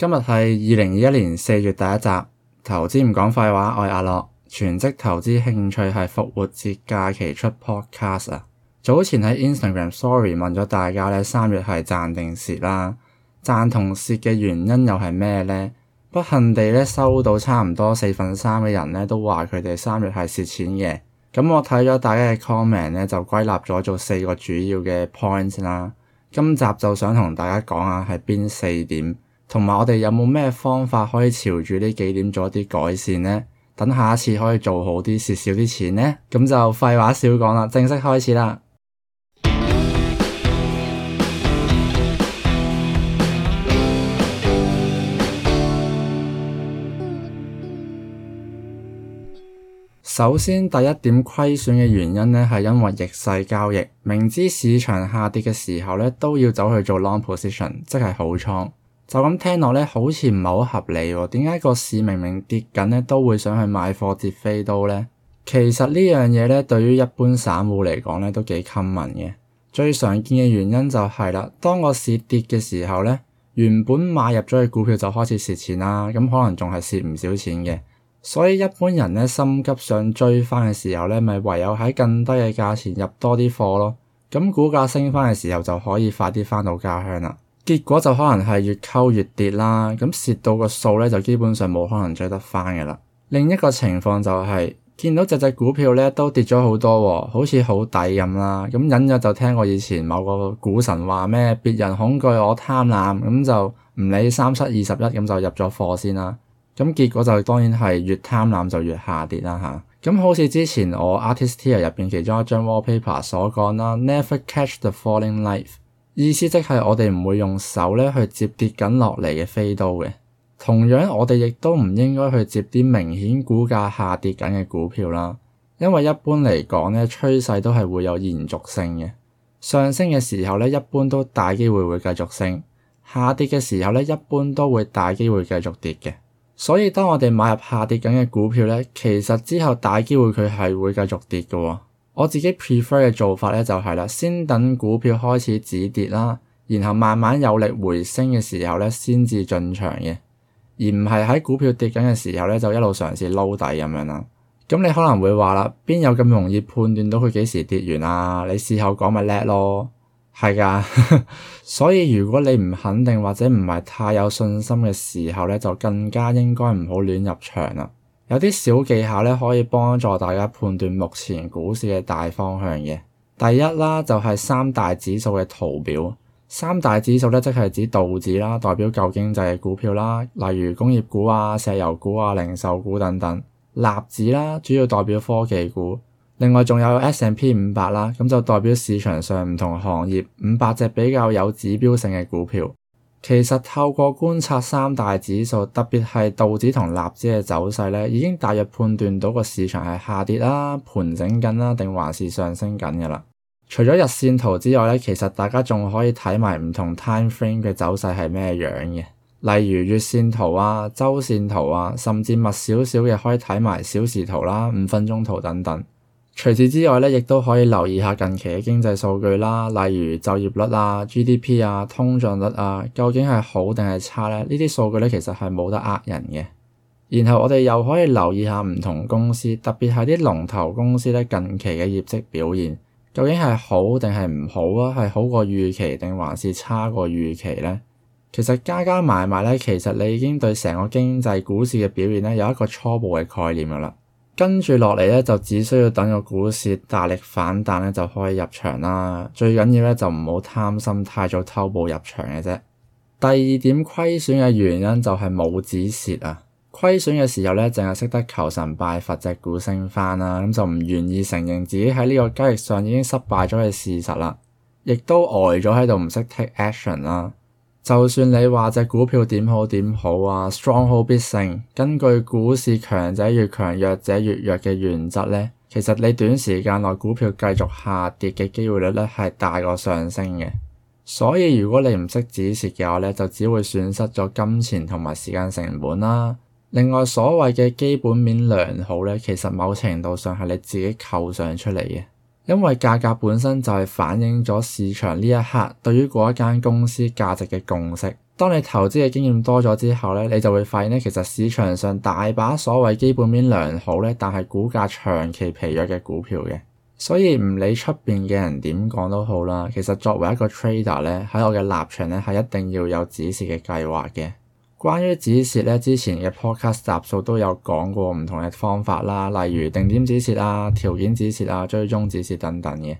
今日係二零二一年四月第一集，投資唔講廢話。我係阿樂，全職投資興趣係復活節假期出 podcast 啊。早前喺 Instagram story 問咗大家咧，三月係賺定蝕啦？賺同蝕嘅原因又係咩咧？不幸地咧，收到差唔多四分三嘅人咧，都話佢哋三月係蝕錢嘅。咁我睇咗大家嘅 comment 咧，就歸納咗做四個主要嘅 point 啦。今集就想同大家講下係邊四點？同埋我哋有冇咩方法可以朝住呢幾點做一啲改善呢？等下一次可以做好啲，蝕少啲錢呢，咁就廢話少講啦，正式開始啦。首先，第一點虧損嘅原因呢，係因為逆勢交易，明知市場下跌嘅時候呢，都要走去做 long position，即係好倉。就咁聽落咧，好似唔係好合理喎。點解個市明明跌緊咧，都會想去買貨跌飛刀咧？其實呢樣嘢咧，對於一般散戶嚟講咧，都幾 common 嘅。最常見嘅原因就係啦，當個市跌嘅時候咧，原本買入咗嘅股票就開始蝕錢啦。咁可能仲係蝕唔少錢嘅，所以一般人咧，心急想追翻嘅時候咧，咪唯有喺更低嘅價錢入多啲貨咯。咁股價升翻嘅時候就可以快啲翻到家鄉啦。結果就可能係越溝越跌啦，咁蝕到個數咧就基本上冇可能追得翻嘅啦。另一個情況就係、是、見到只只股票咧都跌咗好多，哦，好似好抵咁啦。咁忍咗就聽過以前某個股神話咩，別人恐懼我貪婪，咁就唔理三七二十一咁就入咗貨先啦。咁結果就當然係越貪婪就越下跌啦吓，咁好似之前我 Artistia 入邊其中一張 wallpaper 所講啦，Never catch the falling knife。意思即係我哋唔會用手咧去接跌緊落嚟嘅飛刀嘅。同樣我哋亦都唔應該去接啲明顯股價下跌緊嘅股票啦。因為一般嚟講咧，趨勢都係會有延續性嘅。上升嘅時候咧，一般都大機會會繼續升；下跌嘅時候咧，一般都會大機會繼續跌嘅。所以當我哋買入下跌緊嘅股票咧，其實之後大機會佢係會繼續跌嘅喎。我自己 prefer 嘅做法咧就係啦，先等股票開始止跌啦，然後慢慢有力回升嘅時候咧，先至進場嘅，而唔係喺股票跌緊嘅時候咧，就一路嘗試撈底咁樣啦。咁你可能會話啦，邊有咁容易判斷到佢幾時跌完啊？你事後講咪叻咯，係噶。 所以如果你唔肯定或者唔係太有信心嘅時候咧，就更加應該唔好亂入場啦。有啲小技巧咧，可以幫助大家判斷目前股市嘅大方向嘅。第一啦，就係三大指數嘅圖表。三大指數咧，即係指道指啦，代表舊經濟嘅股票啦，例如工業股啊、石油股啊、零售股等等。納指啦，主要代表科技股。另外仲有 S&P 五百啦，咁就代表市場上唔同行業五百隻比較有指標性嘅股票。其實透過觀察三大指數，特別係道指同納指嘅走勢咧，已經大約判斷到個市場係下跌啦、盤整緊啦，定還是上升緊嘅啦。除咗日線圖之外咧，其實大家仲可以睇埋唔同 time frame 嘅走勢係咩樣嘅，例如月線圖啊、周線圖啊，甚至密少少嘅可以睇埋小時圖啦、五分鐘圖等等。除此之外咧，亦都可以留意下近期嘅經濟數據啦，例如就業率啊、GDP 啊、通脹率啊，究竟係好定係差咧？數呢啲數據咧其實係冇得呃人嘅。然後我哋又可以留意下唔同公司，特別係啲龍頭公司咧近期嘅業績表現，究竟係好定係唔好啊？係好過預期定還是差過預期咧？其實加加埋埋咧，其實你已經對成個經濟股市嘅表現咧有一個初步嘅概念㗎喇。跟住落嚟咧，就只需要等個股市大力反彈咧，就可以入場啦。最緊要咧就唔好貪心，太早偷步入場嘅啫。第二點虧損嘅原因就係冇止蝕啊！虧損嘅時候咧，淨係識得求神拜佛，隻股升返啦，咁就唔願意承認自己喺呢個交易上已經失敗咗嘅事實啦，亦都呆咗喺度，唔識 take action 啦。就算你話隻股票點好點好啊，strong hold 必勝，根據股市強者越強、弱者越弱嘅原則咧，其實你短時間內股票繼續下跌嘅機會率咧係大過上升嘅。所以如果你唔識止蝕嘅話咧，就只會損失咗金錢同埋時間成本啦。另外所謂嘅基本面良好咧，其實某程度上係你自己構想出嚟嘅。因為價格本身就係反映咗市場呢一刻對於嗰一間公司價值嘅共識。當你投資嘅經驗多咗之後咧，你就會發現咧，其實市場上大把所謂基本面良好咧，但係股價長期疲弱嘅股票嘅。所以唔理出邊嘅人點講都好啦，其實作為一個 trader 咧，喺我嘅立場咧，係一定要有指示嘅計劃嘅。關於止蝕咧，之前嘅 podcast 集數都有講過唔同嘅方法啦，例如定點止蝕啊、條件止蝕啊、追蹤止蝕等等嘅，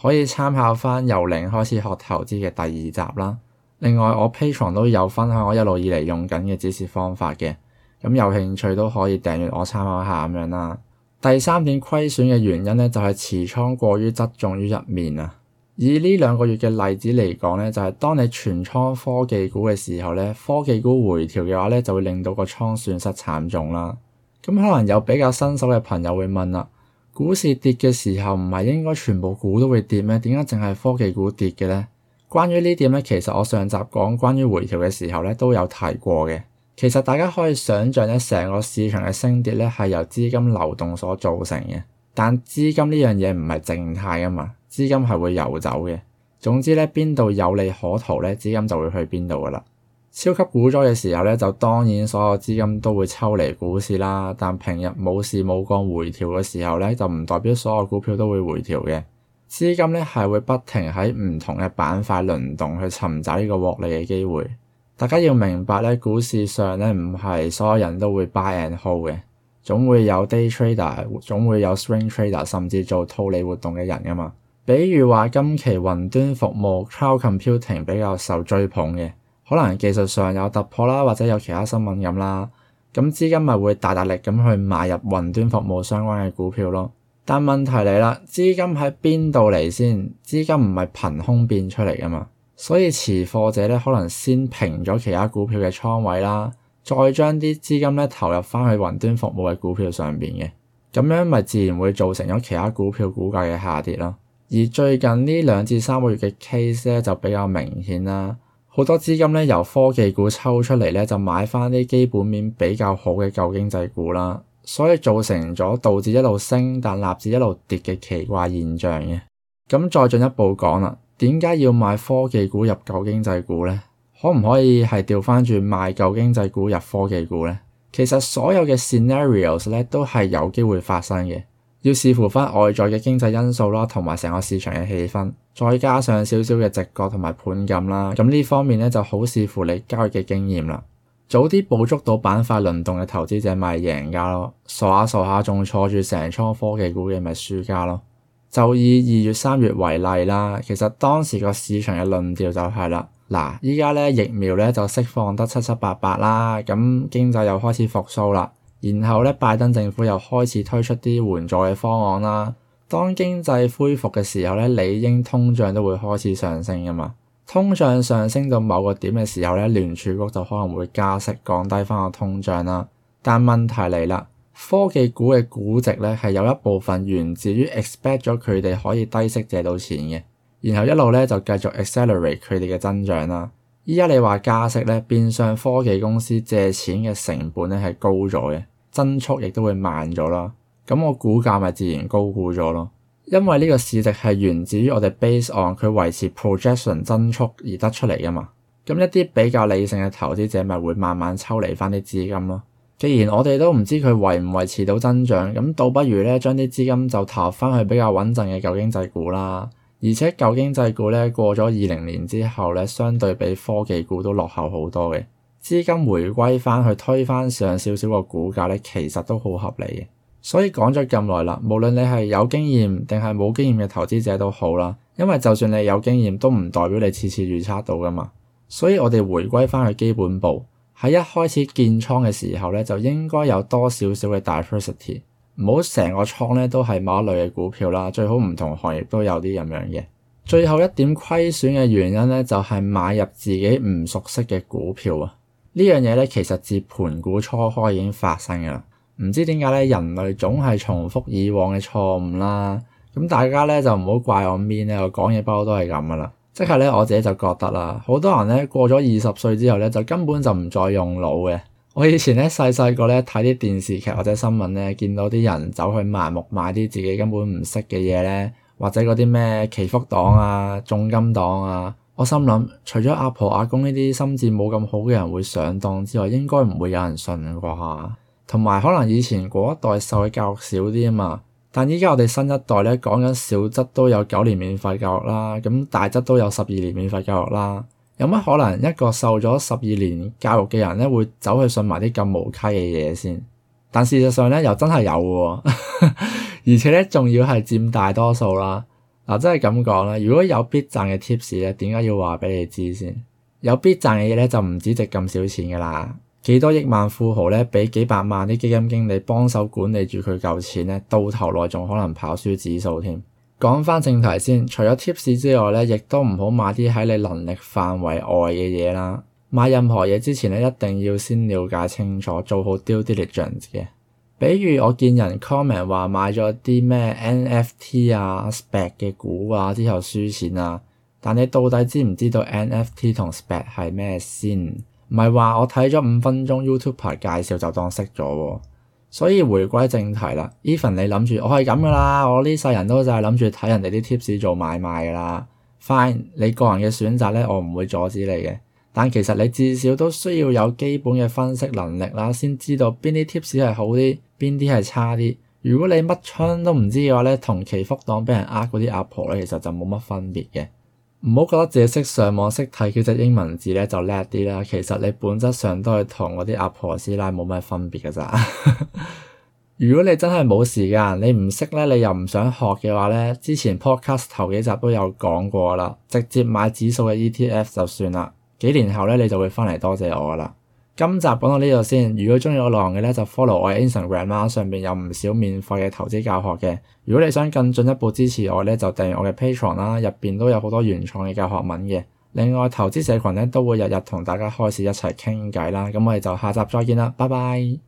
可以參考翻由零開始學投資嘅第二集啦。另外我 Patreon 都有分享我一路以嚟用緊嘅止蝕方法嘅，咁有興趣都可以訂閱我參考下咁樣啦。第三點虧損嘅原因咧，就係持倉過於側重於一面啊。以呢兩個月嘅例子嚟講咧，就係當你全倉科技股嘅時候咧，科技股回調嘅話咧，就會令到個倉損失慘重啦。咁可能有比較新手嘅朋友會問啦，股市跌嘅時候唔係應該全部股都會跌咩？點解淨係科技股跌嘅咧？關於呢點咧，其實我上集講關於回調嘅時候咧都有提過嘅。其實大家可以想像咧，成個市場嘅升跌咧係由資金流動所造成嘅，但資金呢樣嘢唔係靜態㗎嘛。資金係會遊走嘅。總之咧，邊度有利可圖咧，資金就會去邊度㗎啦。超級股災嘅時候咧，就當然所有資金都會抽離股市啦。但平日冇事冇幹回調嘅時候咧，就唔代表所有股票都會回調嘅。資金咧係會不停喺唔同嘅板塊輪動去尋找呢個獲利嘅機會。大家要明白咧，股市上咧唔係所有人都會 buy and hold 嘅，總會有 day trader，總會有 swing trader，甚至做套利活動嘅人㗎嘛。比如話，今期雲端服務 （Cloud Computing） 比較受追捧嘅，可能技術上有突破啦，或者有其他新聞咁啦，咁資金咪會大大力咁去買入雲端服務相關嘅股票咯。但問題嚟啦，資金喺邊度嚟先？資金唔係憑空變出嚟噶嘛，所以持貨者呢可能先平咗其他股票嘅倉位啦，再將啲資金呢投入返去雲端服務嘅股票上面嘅，咁樣咪自然會造成咗其他股票股價嘅下跌咯。而最近呢兩至三個月嘅 case 咧就比較明顯啦，好多資金咧由科技股抽出嚟咧就買翻啲基本面比較好嘅舊經濟股啦，所以造成咗導致一路升但立即一路跌嘅奇怪現象嘅。咁再進一步講啦，點解要買科技股入舊經濟股咧？可唔可以係調翻轉賣舊經濟股入科技股咧？其實所有嘅 scenarios 咧都係有機會發生嘅。要視乎翻外在嘅經濟因素啦，同埋成個市場嘅氣氛，再加上少少嘅直覺同埋盤感啦，咁呢方面咧就好視乎你交易嘅經驗啦。早啲捕捉到板塊輪動嘅投資者咪贏家咯，傻下傻下仲坐住成倉科技股嘅咪輸家咯。就以二月三月為例啦，其實當時個市場嘅論調就係啦，嗱依家咧疫苗咧就釋放得七七八八啦，咁經濟又開始復甦啦。然後咧，拜登政府又開始推出啲援助嘅方案啦。當經濟恢復嘅時候咧，理應通脹都會開始上升㗎嘛。通脹上升到某個點嘅時候咧，聯儲局就可能會加息，降低返個通脹啦。但問題嚟啦，科技股嘅估值咧係有一部分源自於 expect 咗佢哋可以低息借到錢嘅，然後一路咧就繼續 accelerate 佢哋嘅增長啦。依家你話加息咧，變相科技公司借錢嘅成本咧係高咗嘅，增速亦都會慢咗啦。咁我估價咪自然高估咗咯。因為呢個市值係源自於我哋 base 案佢維持 projection 增速而得出嚟噶嘛。咁一啲比較理性嘅投資者咪會慢慢抽離翻啲資金咯。既然我哋都唔知佢維唔維持到增長，咁倒不如咧將啲資金就投翻去比較穩陣嘅舊經濟股啦。而且舊經濟股咧過咗二零年之後咧，相對比科技股都落後好多嘅，資金回歸翻去推返上少少嘅股價咧，其實都好合理嘅。所以講咗咁耐啦，無論你係有經驗定係冇經驗嘅投資者都好啦，因為就算你有經驗都唔代表你次次預測到㗎嘛。所以我哋回歸翻去基本步喺一開始建倉嘅時候咧，就應該有多少少嘅 diversity。唔好成個倉咧都係某一類嘅股票啦，最好唔同行業都有啲咁樣嘅。最後一點虧損嘅原因咧，就係買入自己唔熟悉嘅股票啊！呢樣嘢咧其實自盤古初開已經發生噶啦。唔知點解咧，人類總係重複以往嘅錯誤啦。咁大家咧就唔好怪我 mean 咧，我講嘢不嬲都係咁噶啦。即係咧我自己就覺得啦，好多人咧過咗二十歲之後咧，就根本就唔再用腦嘅。我以前咧細細個咧睇啲電視劇或者新聞咧，見到啲人走去盲目買啲自己根本唔識嘅嘢咧，或者嗰啲咩祈福黨啊、重金黨啊，我心諗除咗阿婆阿公呢啲心智冇咁好嘅人會上當之外，應該唔會有人信嘅啩。同埋可能以前嗰一代受嘅教育少啲啊嘛，但依家我哋新一代咧講緊小則都有九年免費教育啦，咁大則都有十二年免費教育啦。有乜可能一個受咗十二年教育嘅人咧，會走去信埋啲咁無稽嘅嘢先？但事實上咧，又真係有喎， 而且咧，仲要係佔大多數啦。嗱、啊，真係咁講啦。如果有必賺嘅 tips 咧，點解要話俾你知先？有必賺嘅嘢咧，就唔止值咁少錢㗎啦。幾多億萬富豪咧，俾幾百萬啲基金經理幫手管理住佢嚿錢咧，到頭來仲可能跑輸指數添。講返正題先，除咗 tips 之外咧，亦都唔好買啲喺你能力範圍外嘅嘢啦。買任何嘢之前咧，一定要先了解清楚，做好 due diligence 嘅。比如我見人 comment 話買咗啲咩 NFT 啊、SPAC 嘅股啊之後輸錢啊，但你到底知唔知道 NFT 同 SPAC 係咩先？唔係話我睇咗五分鐘 YouTube 介紹就當識咗喎。所以回歸正題啦，Even 你諗住我係咁噶啦，我呢世人都就係諗住睇人哋啲 tips 做買賣噶啦。Fine，你個人嘅選擇咧，我唔會阻止你嘅。但其實你至少都需要有基本嘅分析能力啦，先知道邊啲 tips 係好啲，邊啲係差啲。如果你乜春都唔知嘅話咧，同祈福黨俾人呃嗰啲阿婆咧，其實就冇乜分別嘅。唔好覺得自己識上網識睇幾隻英文字咧就叻啲啦，其實你本質上都係同嗰啲阿婆師奶冇乜分別㗎咋。 如果你真係冇時間，你唔識咧，你又唔想學嘅話咧，之前 podcast 頭幾集都有講過啦，直接買指數嘅 ETF 就算啦。幾年後咧，你就會翻嚟多謝我啦。今集講到呢度先。如果鍾意我內容嘅咧，就 follow 我嘅 Instagram 啦，上邊有唔少免費嘅投資教學嘅。如果你想更進一步支持我咧，就訂閱我嘅 Patreon 啦，入邊都有好多原創嘅教學文嘅。另外投資社群咧都會日日同大家開始一齊傾偈啦。咁我哋就下集再見啦，拜拜。